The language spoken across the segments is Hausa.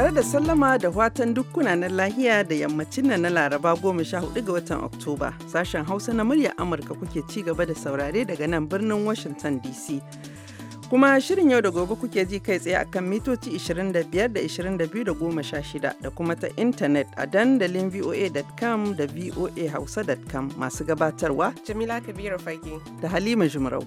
tare da sallama da watan na lahiya da yammacin nan na laraba goma sha hudu ga watan oktoba sashen hausa na murya amurka kuke ci gaba da saurare daga nan birnin washington dc kuma shirin yau da gobe kuke ji kai tsaye akan mitoci 25 da 22 da shida da kuma ta intanet a dandalin voa.com da voa voahausa.com masu gabatarwa jamila kabiru fage da halima jimarau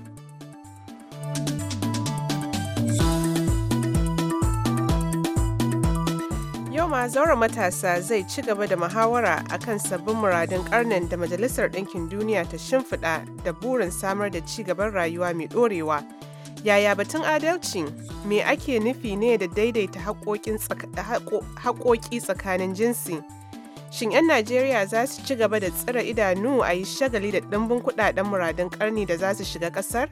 Yau ma zaura matasa zai ci gaba da muhawara a kan sabbin muradun karnin da Majalisar Ɗinkin Duniya ta shimfiɗa da burin samar da ci gaban rayuwa mai ɗorewa. Yaya batun adalci me ake nufi ne da daidaita haƙoƙi tsakanin jinsi? Shin 'yan Najeriya za su ci gaba da tsira idanu a yi shagali da ɗimbin kuɗaɗen muradun ƙarni da za su shiga ƙasar?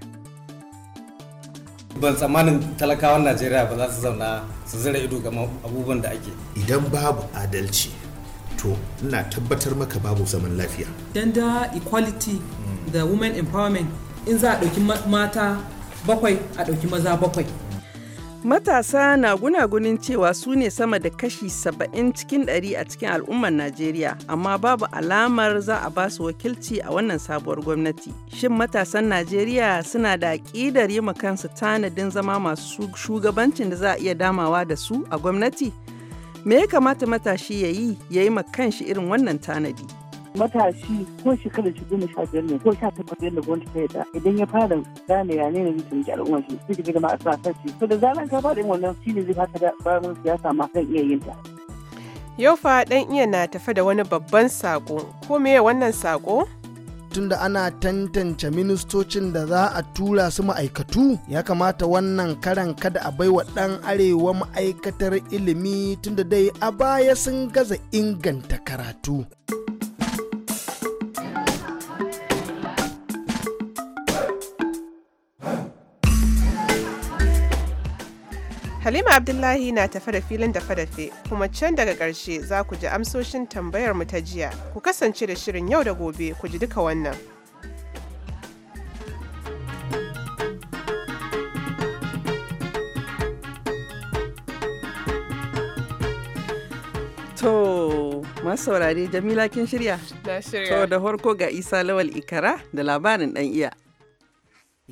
ban tsammanin talakawan najeriya ba za su zauna su zira ido ga abubuwan da ake idan babu adalci to ina tabbatar maka babu zaman lafiya gender equality da women empowerment in za a ɗauki mata bakwai a ɗauki maza bakwai Matasa na gunagunin cewa su ne sama da kashi saba'in cikin 100 a cikin al'ummar Najeriya, amma babu alamar za a ba su wakilci a wannan sabuwar gwamnati. Shin matasan Najeriya suna da aƙidar yi kansu tanadin zama masu shugabancin da za a iya damawa da su a gwamnati? Me ya kamata matashi ya yi ya yi kanshi irin wannan tanadi? matashi ko shekarar shi goma sha biyar ne ko sha takwas da gwamnati ta yadda idan ya fara gane ya ne zai tunji al'umma shi su ka gama a sa sashi to da zaran ka fara yin wannan shi ne zai fata da bayan siyasa ma kan iya yin ta. yau fa dan iya na tafe da wani babban sako ko meye wannan sako? tunda ana tantance ministocin da za a tura su ma'aikatu ya kamata wannan karan kada a baiwa ɗan arewa ma'aikatar ilimi tunda dai a baya sun gaza inganta karatu. Halima Abdullahi na tafe da filin dafe-dafe kuma can daga ƙarshe za ku ji amsoshin tambayar mu ta jiya. Ku kasance da shirin yau da gobe ku ji duka wannan. To, masu saurare Jamila kin shirya? Na shirya. To, da farko ga Isa Lawal Ikara da labarin ɗan iya.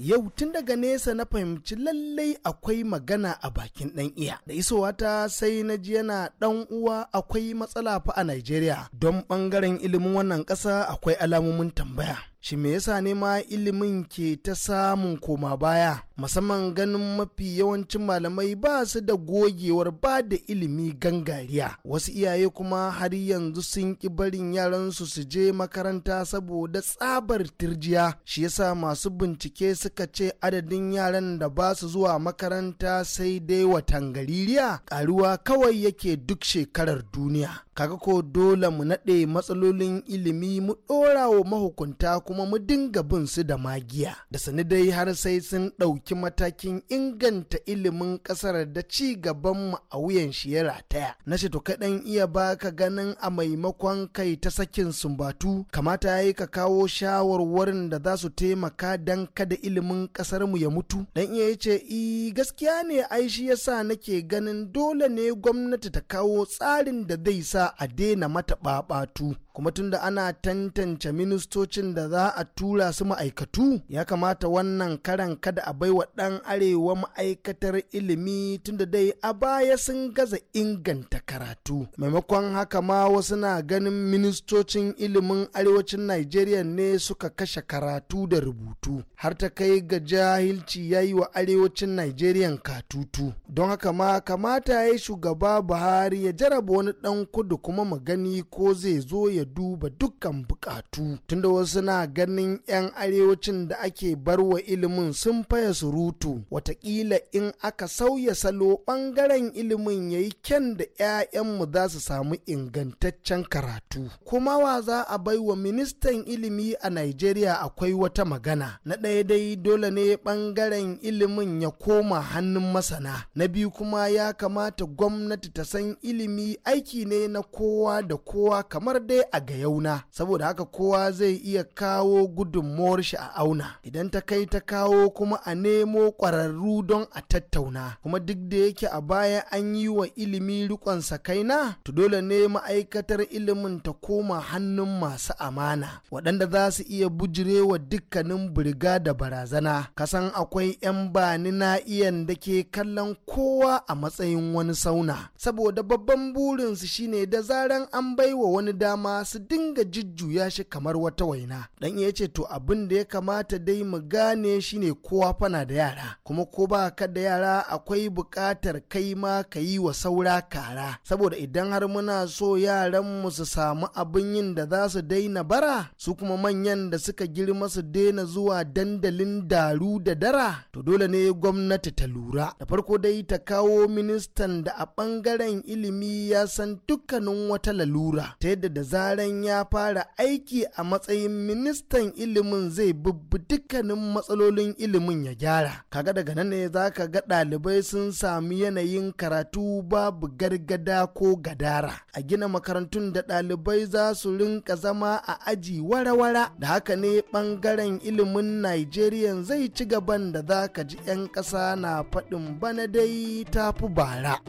yau tun daga nesa na fahimci lallai akwai magana a bakin ɗan iya da isowa ta sai na ji yana ɗan uwa akwai matsala fa a Najeriya don ɓangaren ilimin wannan ƙasa akwai alamomin tambaya shi me yasa ne ma ilimin ke ta samun koma baya musamman ganin mafi yawancin malamai ba su da gogewar ba da ilimi gangariya wasu iyaye kuma har yanzu sun ki barin yaransu su je makaranta saboda tsabar tirjiya shi yasa masu bincike suka ce adadin yaran da ba su zuwa makaranta sai dai watan gaririya karuwa kawai yake duk shekarar duniya kaga ko dole mu naɗe matsalolin ilimi mu ɗora wa mahukunta kuma mu dinga bin su da magiya da sani dai har sai sun ɗauki matakin inganta ilimin ƙasar da ci gaban mu a wuyan shi ya rataya na shi to kaɗan iya baka ganin a maimakon kai ta sakin sumbatu kamata ya ka kawo shawarwarin da za su taimaka dan kada ilimin ƙasar mu ya mutu dan iya ce i gaskiya ne ai shi yasa nake ganin dole ne gwamnati ta kawo tsarin da zai sa a daina mata ɓaɓatu kuma tunda ana tantance ministocin da za a tura su ma'aikatu ya kamata wannan karan kada a baiwa ɗan arewa ma'aikatar ilimi tunda dai a baya sun gaza inganta karatu maimakon haka ma wasu na ganin ministocin ilimin arewacin nigeria ne suka kashe karatu da rubutu har ta kai ga jahilci ya yi wa arewacin nigeria katutu don haka ma kamata ya yi shugaba Buhari ya jaraba wani ɗan kudu kuma magani ko zai zo ya duba dukkan bukatu tunda wasu na ganin 'yan arewacin da ake barwa ilimin sun faya surutu watakila in aka sauya salo bangaren ilimin ya yi kyan da 'ya'yanmu za su samu ingantaccen karatu kuma wa za a bai wa ministan ilimi a nigeria akwai wata magana na ɗaya dai dole ne bangaren ilimin ya koma hannun masana na biyu kuma ya kamata gwamnati ta san ilimi aiki ne na na kowa da kowa kamar dai a ga yauna saboda haka kowa zai iya kawo gudunmawar shi a auna idan ta kai ta kawo kuma a nemo ƙwararru don a tattauna kuma duk da yake a baya an yi wa ilimi rikon sakaina to dole ne ma'aikatar ilimin ta koma hannun masu amana waɗanda za su iya bujirewa dukkanin birga da barazana kasan akwai 'yan bani na iyan da ke kallon kowa a matsayin wani sauna saboda babban burinsu shine da zaran an baiwa wani dama su dinga jujjuya shi kamar wata waina dan ya ce to abin da ya kamata dai mu gane shine kowa fana da yara kuma ko ba ka da yara akwai buƙatar kai ma ka yi wa saura kara saboda idan har muna so yaran mu su samu abin yin da za su daina bara su kuma manyan da suka girma su daina zuwa dandalin daru da dara to dole ne gwamnati ta lura da farko dai ta kawo ministan da a ɓangaren ilimi ya san dukkan maganin wata lalura ta yadda da zaran ya fara aiki a matsayin ministan ilimin zai bubbi dukkanin matsalolin ilimin ya gyara kaga daga nan ne za ka ga ɗalibai sun sami yanayin karatu babu gargada ko gadara a gina makarantun da ɗalibai za su rinka zama a aji wara-wara da haka ne bangaren ilimin nigerian zai ci gaban da za ka ji 'yan ƙasa na faɗin bana dai tafi bara.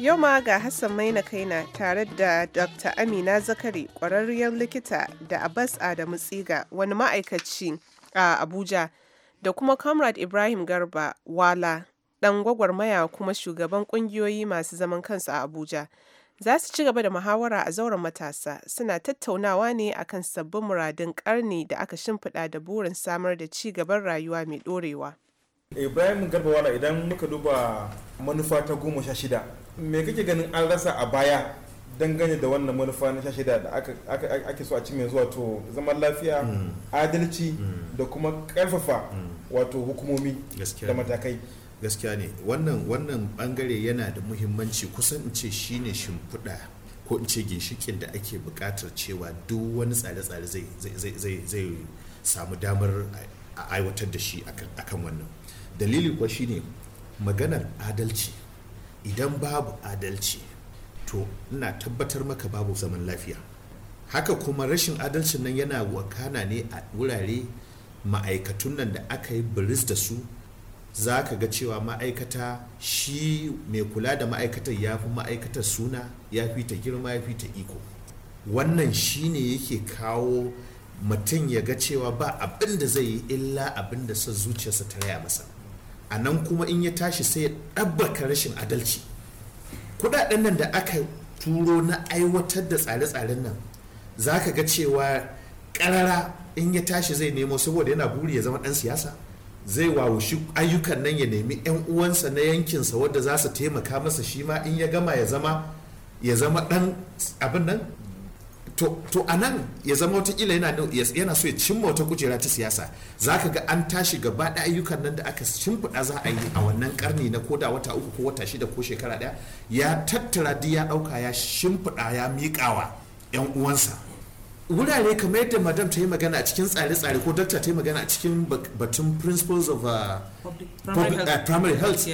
Yau ma ga Hassan Maina Kaina tare da Dr. Amina Zakari ƙwararriyar likita da Abbas Adamu Tsiga wani ma'aikaci a Abuja da kuma Comrade Ibrahim Garba Wala ɗan gwagwarmaya kuma shugaban ƙungiyoyi masu zaman kansu a Abuja. Za su ci gaba da muhawara a zauren matasa suna tattaunawa ne akan sabbin muradun ƙarni da aka shimfiɗa da burin samar da ci gaban rayuwa mai ɗorewa. ibrahim garba idan muka duba manufa ta goma sha shida me kake ganin an rasa a baya dangane da wannan manufa na sha shida da ake so a ci mai zuwa to zaman lafiya mm. adalci mm. da kuma karfafa mm. wato hukumomi da matakai gaskiya ne wannan wannan bangare yana da muhimmanci kusan in ce shine shimfiɗa ko in ce ginshikin da ake buƙatar cewa duk wani tsare-tsare zai samu damar a aiwatar da shi akan wannan dalili kuwa shine maganar adalci idan babu adalci to ina tabbatar maka babu zaman lafiya haka kuma rashin adalcin nan yana wakana ne a wurare ma'aikatun nan da aka yi biris da su za ka ga cewa ma'aikata shi mai kula da ma'aikatar ya fi ma'aikatar suna ya fi ta girma ya fi ta iko wannan shi ne yake kawo mutum ya ga cewa ba abin da zai yi illa abin da sa zuciyarsa ta raya masa a nan kuma in ya tashi sai ya ɗabbaka rashin adalci kudaden nan da aka turo na aiwatar da tsare-tsaren nan za ka ga cewa ƙarara in ya tashi zai nemo saboda yana buri ya zama ɗan siyasa zai wawushi ayyukan nan ya nemi 'yan uwansa na yankinsa wadda za su taimaka masa shi ma in ya gama ya zama ya zama ɗan abin nan to a nan ya zama ila yana so ya cimma wata kujera ta siyasa za ka ga an tashi gaba da ayyukan nan da aka shimfiɗa za a yi a wannan karni na koda wata uku ko wata shida ko shekara ɗaya ya tattara di ya ɗauka ya shimfiɗa ya miƙawa 'yan uwansa wurare kamar yadda madam ta yi magana a cikin tsare-tsare ko dakta ta yi magana a cikin batun principles of uh, uh, primary health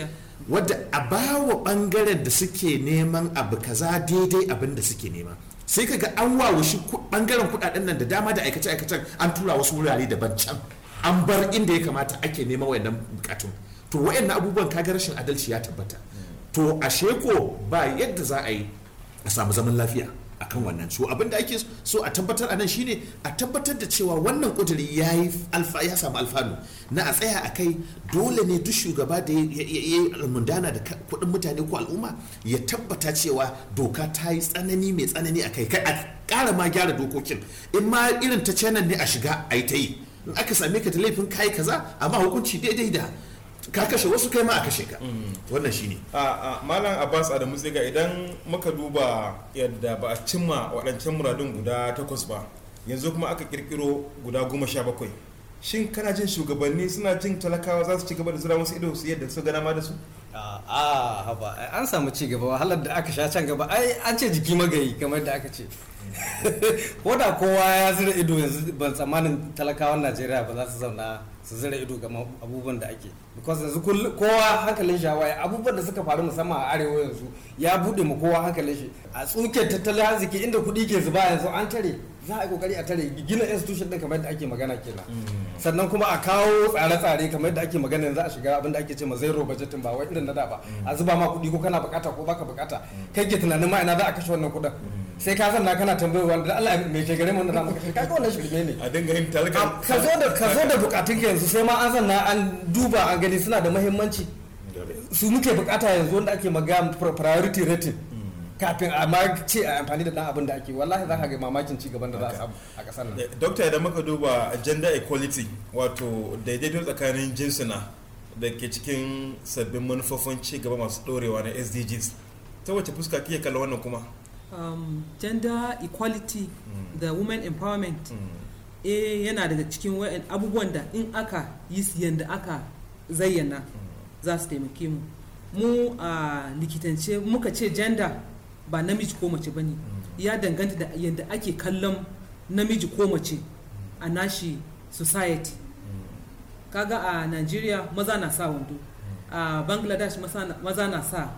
wadda a bawa ɓangaren da suke neman abu kaza daidai abin da suke nema sai ka ga an wawashi bangaren kudaden nan da dama da aikace aikacen an tura wasu wurare daban can an bar inda ya kamata ake neman wayannan bukatun to wayannan abubuwan kaga rashin adalci ya tabbata to ashe ko ba yadda za a yi a samu zaman lafiya akan wannan so abin da ake so a tabbatar anan shine a tabbatar da cewa wannan kuduri ya yi alfa ya samu alfanu na a tsaya a kai dole ne duk shugaba da ya yi mundana da kudin mutane ko al'umma ya tabbata cewa doka ta yi tsanani mai tsanani a kai a kara ma gyara dokokin in ma irin ta canan ne a shiga a yi ta yi in aka same ka da laifin kayi kaza amma hukunci daidai da ka kashe wasu kai ma a kashe ka wannan shi ne. a malam abbas adam tsiga idan muka duba yadda ba a cimma waɗancan muradun guda takwas ba yanzu kuma aka kirkiro guda goma sha bakwai shin kana jin shugabanni suna jin talakawa za su ci gaba da zura musu ido su yadda su gana ma da su a haba an samu ci gaba wahalar da aka sha can gaba ai an ce jiki magayi kamar da aka ce ko da kowa ya zira ido yanzu ban tsammanin talakawan najeriya ba za su zauna su zira ido ga abubuwan da ake because yanzu kowa hankalin shi hawaye abubuwan da suka faru musamman a arewa yanzu ya bude mu kowa hankalin shi a tsuke tattalin arziki inda kuɗi ke zuba yanzu an tare za a yi kokari a tare gina institution din kamar yadda ake magana kenan mm. sannan kuma a kawo tsare-tsare kamar yadda ake magana yanzu a shiga abin da ake ce ma zero budgeting ba wai irin na da ba a mm. zuba ma kuɗi ko kana bukata ko baka bukata mm. kai ke tunanin ma ina za a kashe wannan kuɗin sai ka zanna kana tambayar wanda Allah me ke gare mu wannan zamu ka ga wannan shirme ne a dinga yin talaka ka zo da ka zo da bukatun ka yanzu sai ma an sanna an duba an gani suna da muhimmanci su muke bukata yanzu wanda ake maga priority rating hmm. kafin a ma ce a amfani da dan abin da ake wallahi za ka ga mamakin ci gaban da za a samu a kasar nan eh, doctor idan muka duba gender equality wato daidaito tsakanin jinsuna da ke cikin sabbin manufofin ci gaba masu dorewa na SDGs ta wace fuska kike kalla wannan kuma um, gender equality da mm. women empowerment mm. eh yana daga cikin abubuwan da in aka yi yadda aka zayyana mm. za su taimake mu mu a likitance muka ce gender ba namiji ko mace ba bane ya danganta da yadda ake kallon namiji ko mace a nashi society kaga a nigeria maza na sa wando a bangladesh maza na sa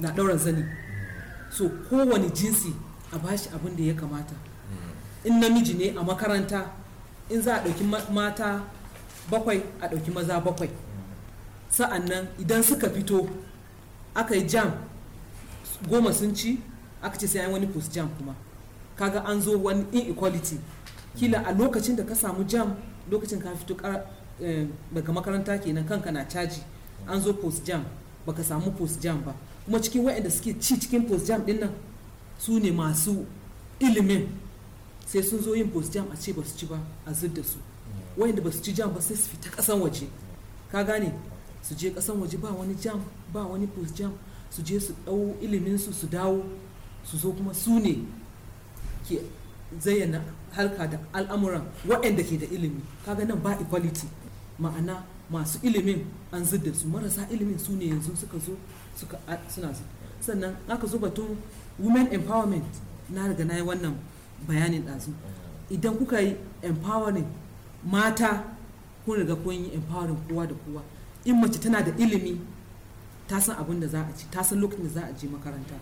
na ɗaura zani so kowane jinsi a bashi abin da ya kamata in namiji ne a makaranta in za a ɗauki mata bakwai a ɗauki maza bakwai sa'annan idan suka fito aka yi jam goma sun ci aka ce sai an wani post jam kuma kaga an zo wani inequality kila a lokacin da ka samu jam lokacin ka fito eh, daga makaranta kenan kanka na caji an zo post jam baka samu post jam ba kuma cikin waɗanda suke ci cikin post jam din nan su ne masu ilimin sai sun zo yin post jam a ce ba su ci ba a zid da su waɗanda ba su ci jam ba sai su fita ƙasan waje ka gane su je ƙasan waje ba wani jam ba wani post jam su je su ɗau iliminsu su dawo su zo kuma su ne ke zayyana harka da al'amuran waɗanda ke da ilimi kaga nan ba equality ma'ana masu ilimin an da su marasa ilimin su ne yanzu suka zo suka suna sannan aka zuba batun women empowerment na daga na yi wannan bayanin ɗazu idan kuka yi empowering mata kun riga kun yi empowering kowa da kowa in mace tana da ilimi ta san abin da za a ci ta san lokacin da za a je makaranta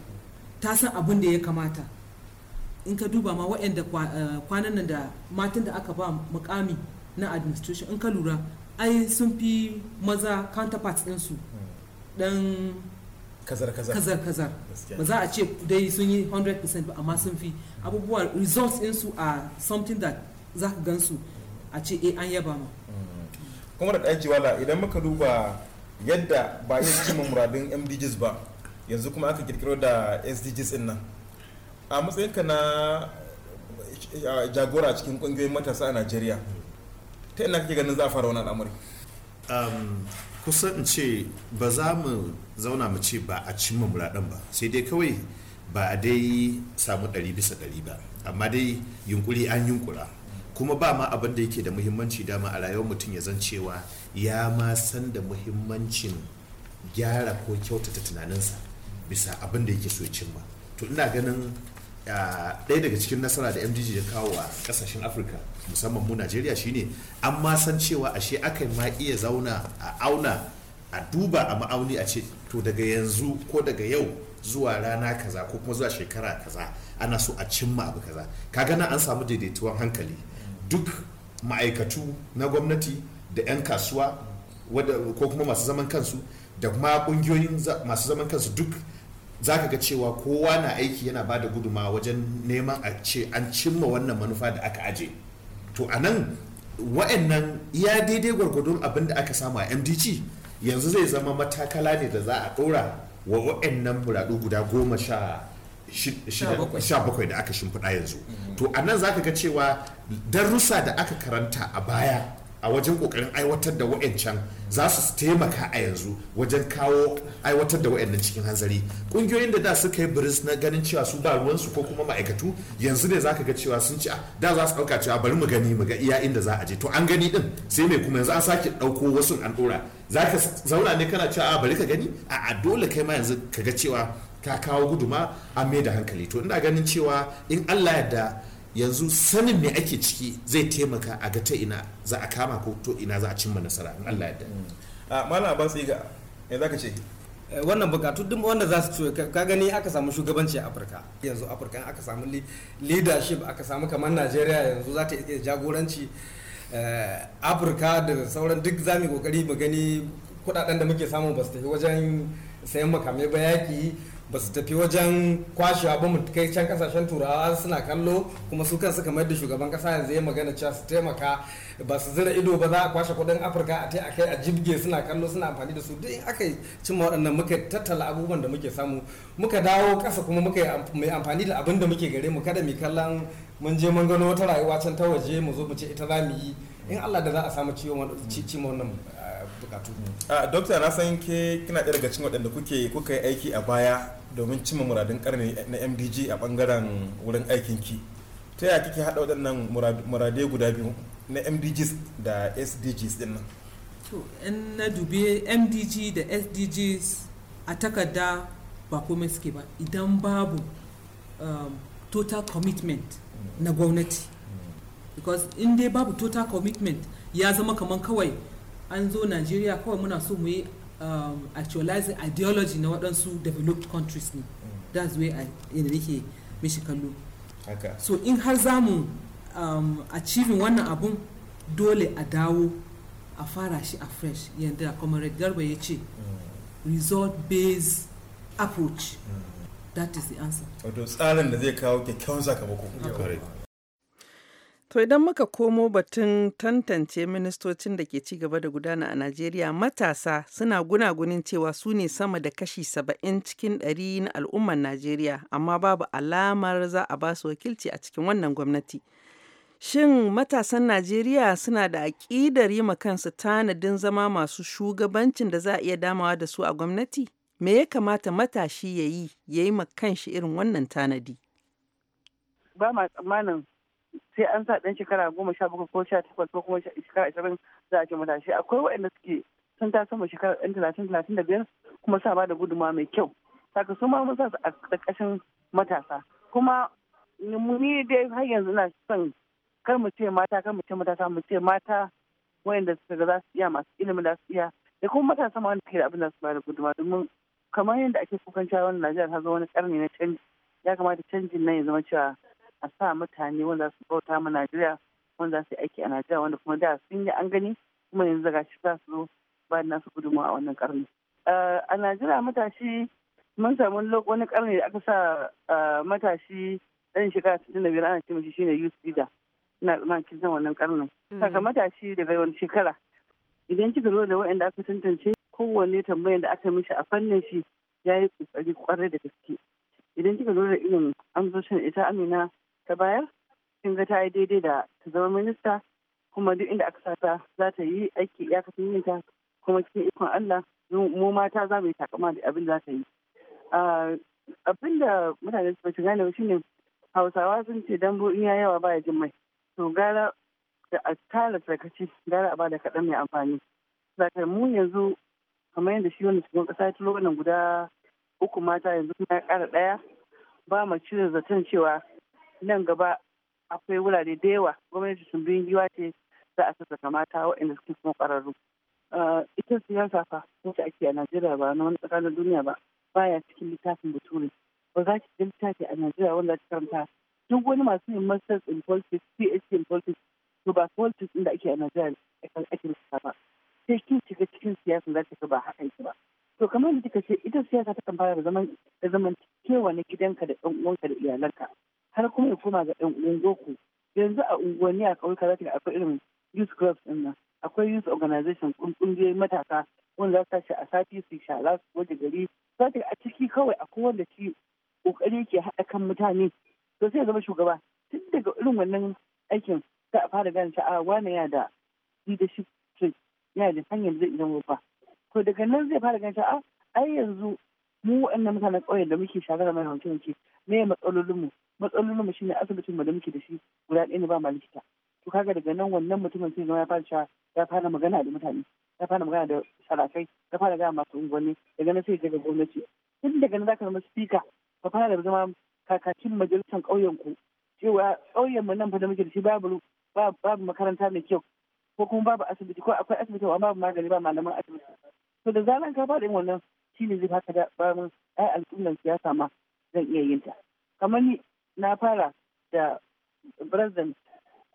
ta san abin da ya kamata in ka duba ma waɗanda eh, kwanan nan da matan da aka ba mukami na administration in ka lura ai sun fi maza counterparts ɗinsu ɗan. kazar kazar kazar kazar ba za a ce dai sun yi 100% ba amma sun fi abubuwa results in su a something that za ka gan su a ce eh an yaba ma mm. kuma da ɗan jiwala idan muka duba yadda ba yin cimma muradun mdgs ba yanzu kuma aka kirkiro da sdgs din nan a matsayinka na eh, jagora cikin ƙungiyoyin matasa a najeriya ta ina kake ganin za a fara wani al'amari um, kusan in ce ba za mu zauna mu ce ba a cimma muradan ba sai dai kawai ba a dai samu ɗari bisa ɗari ba amma dai yunkuri an yunkura kuma ba ma abin da yake da muhimmanci dama a rayuwar mutum ya zan cewa ya ma san da muhimmancin gyara ko kyautata tunaninsa bisa abin da yake so ya cimma to ina ganin ah, ɗaya daga cikin nasara da mdg ya kawo a ƙasashen afirka musamman mu najeriya shine an ma san cewa ashe aka ma iya zauna a auna a duba a ma'auni a ce to daga yanzu ko daga yau zuwa rana kaza ko kuma zuwa shekara kaza ana so a cimma abu kaza kaga na an samu daidaituwan hankali duk ma'aikatu na gwamnati da 'yan kasuwa ko kuma masu zaman kansu da kuma kungiyoyin masu zaman kansu duk za ka ga cewa kowa na aiki yana bada da guduma wajen neman a ce an cimma wannan manufa da aka aje. to a nan wa'annan ya daidai gwargwadon abin da aka samu a mdg yanzu zai zama matakala ne da za a ɗora wa wa'annan muradu guda goma sha sha bakwai da aka shimfiɗa yanzu mm. to a nan za ka ga cewa darussa da aka karanta a baya a wajen kokarin aiwatar da wa'ancan za su taimaka a yanzu wajen kawo aiwatar da wa'annan cikin hanzari kungiyoyin da da suka yi biris na ganin cewa su ba ruwansu ko kuma ma'aikatu yanzu ne za ka ga cewa sun ci ah, da za su dauka cewa bari mu gani mu ga iya inda za a je to an gani din sai mai kuma yanzu an sake ɗauko wasu an dora zaka zauna ne kana cewa ah, bari ka gani a dole kai ma yanzu ka ga cewa ka kawo guduma a mai da hankali to ina ganin cewa in Allah ya da yanzu sanin me ake ciki zai taimaka a ga ta ina za a kama ko to ina za a cimma nasara in Allah ya a mm. ah, malam abbas ga me zaka ce eh, wannan bukatu duk wanda za su ciwo ka gani aka samu shugabanci a afirka yanzu afirka aka samu leadership aka samu kamar najeriya yanzu za ta iya jagoranci eh, afirka da sauran duk za mu kokari mu gani kudaden da muke samu ba su tafi wajen sayan makamai ba yaki ba su tafi wajen kwashewa ba mu kai can kasashen turawa suna kallo kuma su kansu kamar da shugaban kasa yanzu ya magana cewa su taimaka ba su zira ido ba za a kwashe kudin afirka a tai a kai a jibge suna kallo suna amfani da su duk in aka cimma waɗannan muka tattala abubuwan da muke samu muka dawo ƙasa kuma muka mai amfani da abin da muke gare mu kada mu kallon mun je mun gano wata rayuwa can ta waje mu zo mu ce ita za mu yi in allah da za a samu ciwon wannan bukatu a dokta na san ke kina ɗaya daga cikin waɗanda kuke kuka yi aiki a baya domin cimma muradun karni na mdg a bangaren wurin aikin ki ta yaya kike haɗa waɗannan murade guda biyu na mdgs da sdgs din nan to in na dubi mdg da sdgs a takarda ba komai suke ba idan babu um, total commitment na gwamnati mm. because in dai babu total commitment ya zama kamar kawai an zo Najeriya kawai muna so mu yi um, actualizing ideology na waɗansu developed countries ne mm. that's where I yadda nake mishi kallo so in har za mu um, achieving wannan abun dole a dawo a fara shi a fresh yadda comrade garba ya ce mm. result based approach mm. that is the answer tsarin da zai kawo kyakkyawan sakamako To idan muka komo batun tantance ministocin da ke ci gaba da gudana a Najeriya matasa suna gunagunin cewa su ne sama da kashi saba'in cikin ɗari na al'ummar Najeriya amma babu alamar za a ba su wakilci a cikin wannan gwamnati. Shin matasan Najeriya suna da aƙidar yi kansu tanadin zama masu shugabancin da za a iya damawa da su a gwamnati? Me ya kamata matashi ya yi ya yi kanshi irin wannan tanadi? Ba ma tsammanin sai an sa ɗan shekara goma sha bakwai ko sha takwas ko kuma shekara ashirin za a ce matashi akwai waɗanda suke sun ta sama shekara ɗan talatin talatin da biyar kuma sa ba da gudunmawa mai kyau saka su ma mun sa su a ƙarƙashin matasa kuma ni dai har yanzu ina son kar mu ce mata kar mu ce matasa mu ce mata wayanda su ga za su iya masu ilimin za su iya da kuma matasa ma wanda ke da abin da su ba da gudunmawa domin kamar yadda ake kukan cewa wannan Najeriya ta zo wani karni na canji ya kamata canjin nan ya zama cewa a sa mutane wanda su bauta ma Najeriya wanda su yi aiki a Najeriya wanda kuma da sun yi an gani kuma yanzu ga shi za su zo ba su gudunmawa a wannan karni. Eh, a Najeriya matashi mun samu wani karni da aka sa eh, matashi ɗan shekara sittin da biyar ana ce mishi shine youth leader. Ina tsammanin san wannan karnin. Hmm. Saka matashi daga wani shekara. Idan kika zo da waɗanda aka tantance kowanne tambayar da aka mishi a fannin shi ya yi kokari kwarai da gaske. Idan kika zo da irin amsoshin ita Amina ta bayar kin ga ta yi daidai da ta zama minista kuma duk inda aka sata za ta yi aiki iyakacin yin ta kuma cikin ikon Allah mu mata za mu yi takama da abin za ta yi abin da mutane su bace gane shi ne hausawa sun ce dambo in ya yawa baya jin mai to gara da a tara sarkaci gara a bada kaɗan mai amfani zaka mu yanzu kamar yadda shi wani shugaban ƙasa ya tulo wannan guda uku mata yanzu kuma ya ƙara ɗaya ba mu cire zaton cewa nan gaba akwai wurare da yawa gwamnati sun biyun giwa ce za a sassa mata waɗanda suke kuma ƙwararru. Eh, ita siyasa fa wacce ake a najeriya ba na wani tsakanin duniya ba baya cikin littafin bature ba za ki littafi a najeriya wanda ta karanta duk wani masu yin masters in politics phd in politics to ba politics inda ake a najeriya ake lissafa ba sai kin shiga cikin siyasa za ta ga ba haka yake ba to kamar da kika ce ita siyasa ta kan fara da zaman da zaman kewa na gidanka da ɗan uwanka da iyalanka har kuma ya koma ga ɗan uwan boko yanzu a unguwanni a ƙauyuka za ta ga akwai irin youth clubs ɗin nan akwai youth organization ƙungiyoyin matasa wanda za su tashi a sati su shara su waje gari za ta a ciki kawai a wanda shi ƙoƙari ke haɗa kan mutane to sai ya zama shugaba tun daga irin wannan aikin za a fara gane sha'awa. Ah, wane yana da leadership trait yana da hanyar zai idan babba to daga nan zai fara gane sha'awa? Ah, ai yanzu mu waɗannan mutanen ƙauyen da muke shagara mai hankali wanke me matsalolin mu matsalolin mu shine asibitin mu da muke da shi guda ɗaya ne ba ma likita to kaga daga nan wannan mutumin sai ya fara ya fara magana da mutane ya fara magana da sarakai ya fara gaya masu unguwanni daga nan sai daga gwamnati tun daga nan zaka zama speaker ka fara da zama kakakin majalisar ƙauyen ku cewa ƙauyen mu nan fa da muke da shi babu babu makaranta mai kyau ko kuma babu asibiti ko akwai asibiti amma babu magani ba malaman asibiti to da zaran ka yin wannan shine zai haka da bayan ai al'ummar siyasa ma zan iya yin ta kamar ni na fara da president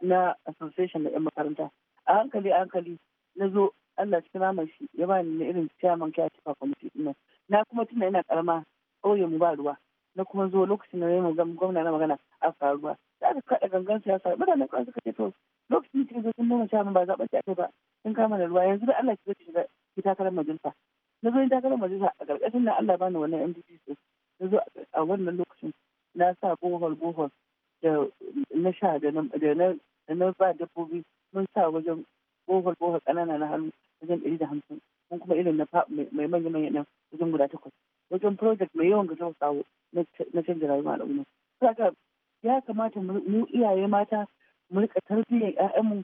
na association da 'yan makaranta a hankali a hankali na zo allah cikin ramar shi ya ba ni irin chairman kya cifa kwamiti nan na kuma tuna ina karama ƙauye mu ba ruwa na kuma zo lokacin da yayin gwamna na magana a faruwa da aka kaɗa gangan siyasa mutanen kawai suka ce to lokacin da kika sun nuna chairman ba zaɓen ki ba sun kama da ruwa yanzu da allah ki shiga ki takarar majalisa na zo takarar majalisa a ƙarƙashin na allah bani wannan mdc na zo a wannan lokacin na sa bohol bohol da na sha da na ba dabbobi mun sa wajen bohol bohol ƙanana na hannu wajen ɗari da hamsin mun kuma irin na mai manya manya nan wajen guda takwas wajen project mai yawan gajen sawo na canza rayuwa al'umma saka ya kamata mu iyaye mata mu rika tarbiyyar 'ya'yanmu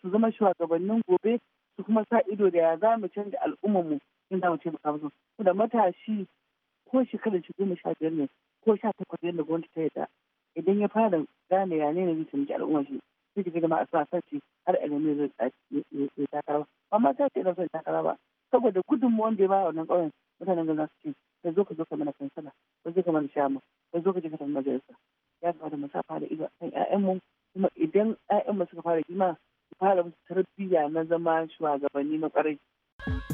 su zama shugabannin gobe su kuma sa ido da ya za mu canza al'ummarmu za mu taimaka musu da matashi ko shekarar shi goma sha biyar ne ko sha takwas yadda gwamnati ta yadda idan ya fara gane ya ne zai tunji al'umma shi sai ki ga jama'a suna har a har ilimin zai ya takara ba amma ta ce na son takara ba saboda mu wanda ya ba wannan ƙauyen mutanen gana su ce ka zo ka zo ka mana kansala ka zo ka mana shama ka zo ka je ka majalisa ya kamata mu sa fara ido kan mu, kuma idan mu suka fara gima, su fara musu tarbiyya na zama shugabanni na ƙwarai.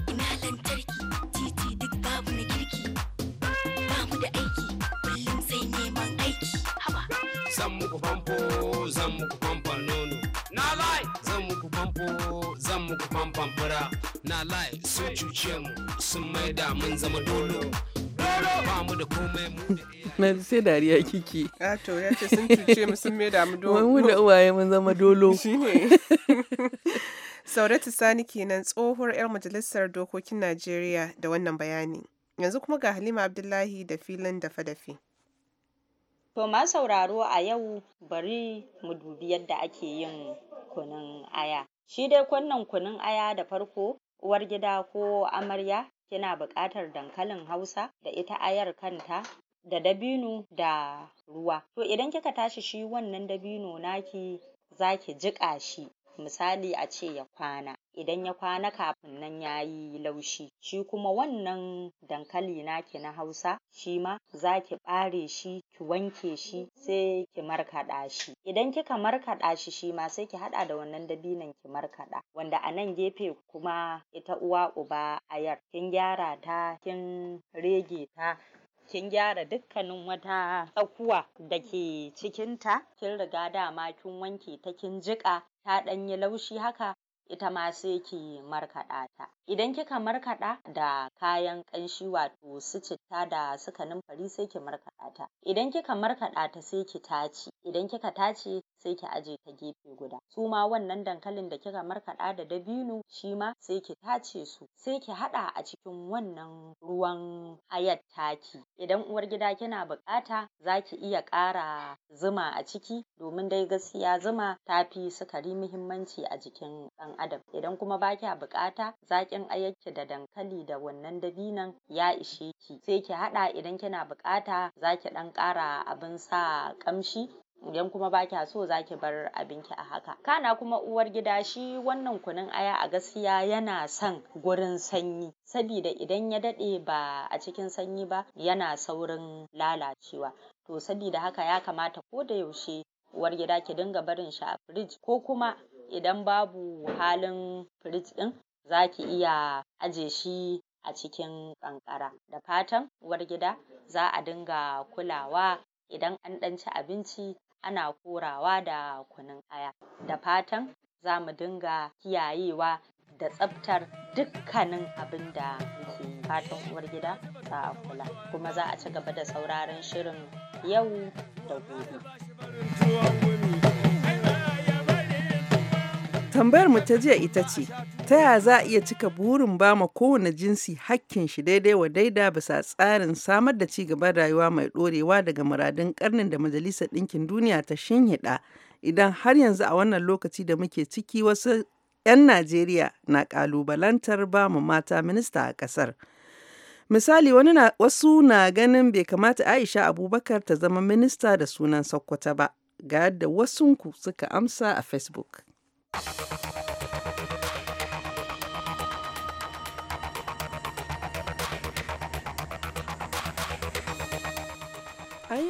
Ina lantarki titi duk babu na kirki babu da aiki. zan muku famfo zan muku famfon nono na lai zan muku famfo zan muku famfon fura na lai sun cuce mu sun maida mun zama dolo dolo ba mu da komai mu na sai dariya kiki a ah, to ya ce sun cuce mu sun maida mu dolo mu da uwaye mun zama dolo shine sauratu sani kenan tsohuwar 'yar majalisar dokokin najeriya da wannan bayani yanzu kuma ga halima abdullahi da filin dafe-dafe To ma sauraro a yau bari mu dubi yadda ake yin kunun aya. Shi dai wannan kunun aya da farko uwar gida ko amarya kina buƙatar dankalin Hausa da ita ayar kanta da dabino da ruwa. To idan kika tashi shi wannan dabino naki za ki jiƙa shi misali a ce ya kwana idan ya kwana kafin nan ya yi laushi shi kuma wannan dankali naki na hausa Shi shima zaki ɓare shi ki wanke shi sai ki markaɗa shi idan kika markaɗa shi shi ma sai ki haɗa da wannan dabinon ki markaɗa wanda a nan gefe kuma ita uwa uba ayar kin gyara ta kin rege ta kin gyara dukkanin wata tsakuwa da ke cikinta kin riga dama kin wanke ta kin jiƙa ta ɗan yi laushi haka ita ma sai ki markaɗa ta idan kika markaɗa da kayan ƙanshi wato su citta da suka numfari sai ki markaɗa ta idan kika markaɗa ta sai ki taci, idan kika tace sai ki aje ta gefe guda suma wannan dankalin da kika markaɗa da dabino shi ma sai ki tace su sai ki haɗa a cikin wannan ruwan hayar taki idan uwar gida kina buƙata za ki iya ƙara zuma a ciki domin dai gaskiya zuma ta fi sukari muhimmanci a jikin ɗan adam idan kuma ba kya buƙata zaƙin ayyaki da dankali da wannan dabinon ya ishe ki sai ki haɗa idan kina buƙata za ki ɗan ƙara abin sa ƙamshi idan kuma ba kya so zaki ki bar abinki a haka kana kuma uwar gida shi wannan kunun aya a gaskiya yana son gurin sanyi sabida idan ya daɗe ba a cikin sanyi ba yana saurin lalacewa to sabida haka ya kamata ko da yaushe uwar gida ki dinga barin shi a firij ko kuma idan babu halin firij ɗin za ki iya aje shi a cikin ƙanƙara da fatan uwar gida za a dinga kulawa idan an ɗan abinci ana korawa da kunun aya da fatan za mu dinga kiyayewa da tsabtar dukkanin abin da muke yi fatan uwargida a kula kuma za a ci gaba da sauraron shirin yau da gobe Tambayar mu ta jiya ita ce, ta ya za a iya cika burin ba ma kowane jinsi hakkin shi daidai wa daida bisa tsarin samar da ci gaban rayuwa mai ɗorewa daga muradun karnin da Majalisar Ɗinkin Duniya ta shinhiɗa idan har yanzu a wannan lokaci da muke ciki wasu 'yan Najeriya na ƙalubalantar ba mu mata minista a ƙasar. Misali wani na, wasu na ganin bai kamata Aisha Abubakar ta zama minista da sunan Sokoto ba, ga yadda wasunku suka amsa a Facebook.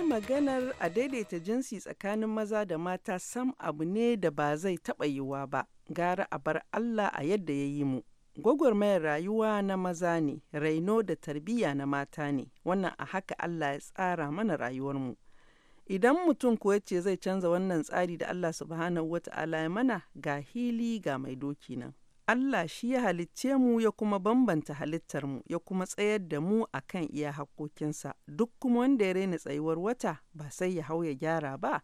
maganar a daidaita jinsi tsakanin maza da mata sam abu ne da ba zai taɓa yiwuwa ba, gara a bar Allah a yadda ya yi mu. Gwagwarmayar rayuwa na maza ne, raino da tarbiyya na mata ne, wannan a haka Allah ya tsara mana rayuwarmu. Idan mutum kuwa ce zai canza wannan tsari da Allah subhanahu wa ta'ala ya mana ga hili ga mai doki nan. Allah shi ya halicce mu ya kuma bambanta halittar mu ya kuma tsayar da mu akan iya hakkokinsa duk kuma wanda ya raina tsayuwar wata ba sai ya hau ya gyara ba.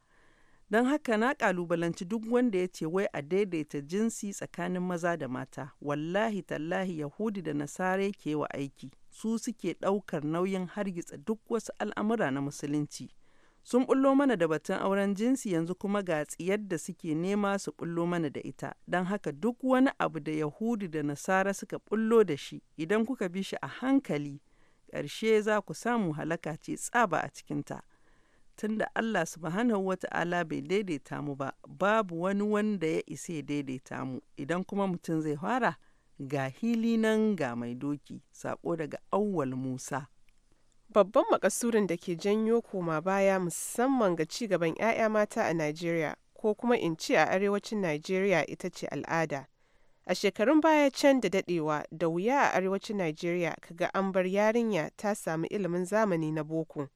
Don haka na kalubalanci duk wanda ya ce wai a daidaita jinsi tsakanin maza da mata, wallahi tallahi Yahudi da Nasare ke wa aiki, su suke ɗaukar nauyin hargitsa duk wasu al'amura na Musulunci. Sun bullo mana da batun auren jinsi yanzu kuma ga tsiyar da suke nema su bullo mana da ita, don haka duk wani abu da Yahudu da Nasara suka bullo da shi, idan kuka bi shi a hankali, ƙarshe za ku samu halaka ce tsaba a cikinta. Tunda Allah subhanahu wa ta'ala bai daidaita mu ba, babu wani wanda ya isa ya daidaita mu, idan kuma mutum zai fara, ga hili nan ga mai doki, sako daga Auwal Musa. babban makasudin da ke janyo koma baya musamman ga ci gaban 'ya'ya mata a Najeriya ko kuma in ce a arewacin Najeriya ita ce al'ada. A shekarun baya can da dadewa da wuya a arewacin Najeriya kaga an bar yarinya ta samu ilimin zamani na boko.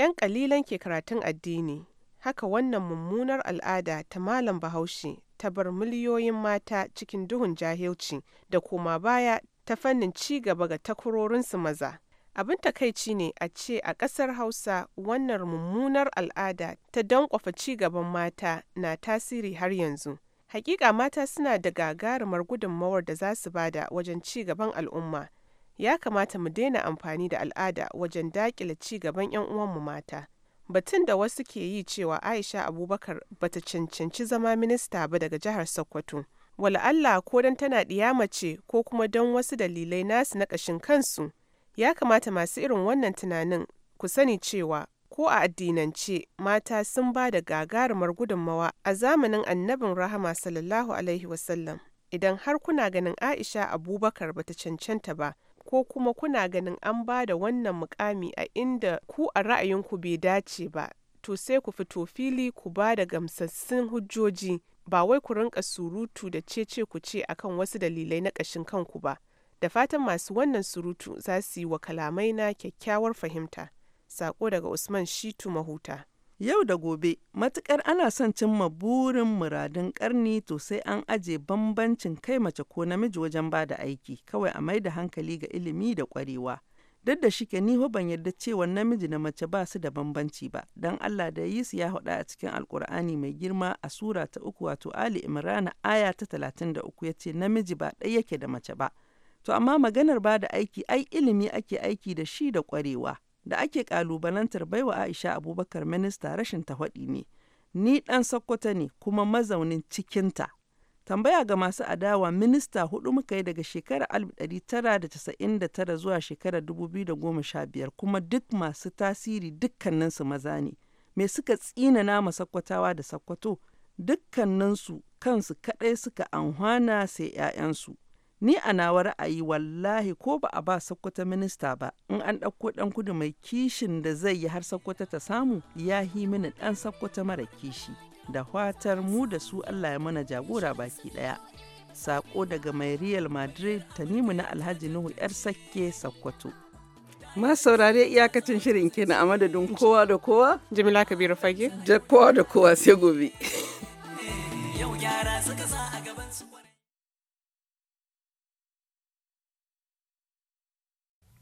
'Yan kalilan ke karatun addini, haka wannan mummunar al'ada ta malam bahaushe ta bar miliyoyin mata cikin duhun jahilci da koma baya ta fannin ci gaba ga takurorinsu maza. Abin takaici ne a ce a ƙasar Hausa wannan mummunar al'ada ta danƙwafa ci gaban mata na tasiri har yanzu. Hakika mata suna da gagarumar gudunmawar da za su bada wajen ci gaban al'umma. Ya kamata mu daina amfani da al'ada wajen daƙile ci gaban 'yan uwanmu mata. Batun da wasu ke yi cewa Aisha Abubakar ba ta cancanci zama minista ba daga jihar Sokoto. Wala Allah ko don tana ɗiya mace ko kuma don wasu dalilai nasu na ƙashin kansu. Ya kamata masu irin wannan tunanin ku sani cewa ko a addinance mata sun ba da gagarumar gudunmawa a zamanin Annabin Rahama sallallahu Alaihi wasallam. Idan har kuna ganin Aisha Abubakar bata cancanta ba, ko kuma kuna ganin an ba da wannan mukami a inda ku a ra'ayinku bai dace ba, to sai ku fito fili ku ba da gamsassun hujjoji ba wai ku rinka surutu da cece ku ce akan wasu dalilai na ƙashin kanku ba Da fatan masu wannan surutu za su yi wa kalamai na kyakkyawar fahimta. Sako daga Usman Shitu Mahuta. Yau da gobe, matukar ana son cimma burin muradun karni to sai an aje bambancin kai mace ko namiji wajen ba da aiki, kawai a mai da hankali ga ilimi da kwarewa. Duk da shike ni ban yarda cewa namiji da mace ba su da bambanci ba, don Allah da yi su ya haɗa a cikin Alkur'ani mai girma a Sura ta uku wato Ali Imran aya ta 33 ya ce namiji ba ɗaya yake da mace ba. To amma maganar ba da aiki ai ilimi ake aiki da shi da kwarewa Da ake kalubalantar baiwa Aisha Abubakar minista rashin tahwaɗi ne. Ni ɗan Sokoto ne kuma mazaunin cikinta. Tambaya ga masu adawa minista hudu muka yi daga shekarar 1999 zuwa shekarar 2015 kuma duk masu tasiri dukkaninsu maza ne. Me suka tsina ma Sokotawa da Sokoto? Dukkaninsu kansu kaɗai suka anhwana sai 'ya'yansu. Ni a nawa ra'ayi wallahi ko ba a ba Sokoto minista ba in an ɗauko ɗan kudu mai kishin da zai yi har Sokoto ta samu ya hi mini ɗan Sokoto mara kishi. Da fatar mu da su Allah ya mana jagora baki ɗaya. Sako daga mai Real Madrid ta Tanimu na Alhaji Nuhu 'yar Sakke Sokoto. Ma saurare iyakacin shirin kenan a madadin kowa da kowa. jimila Kabiru Fage. Da kowa da kowa sai gobe.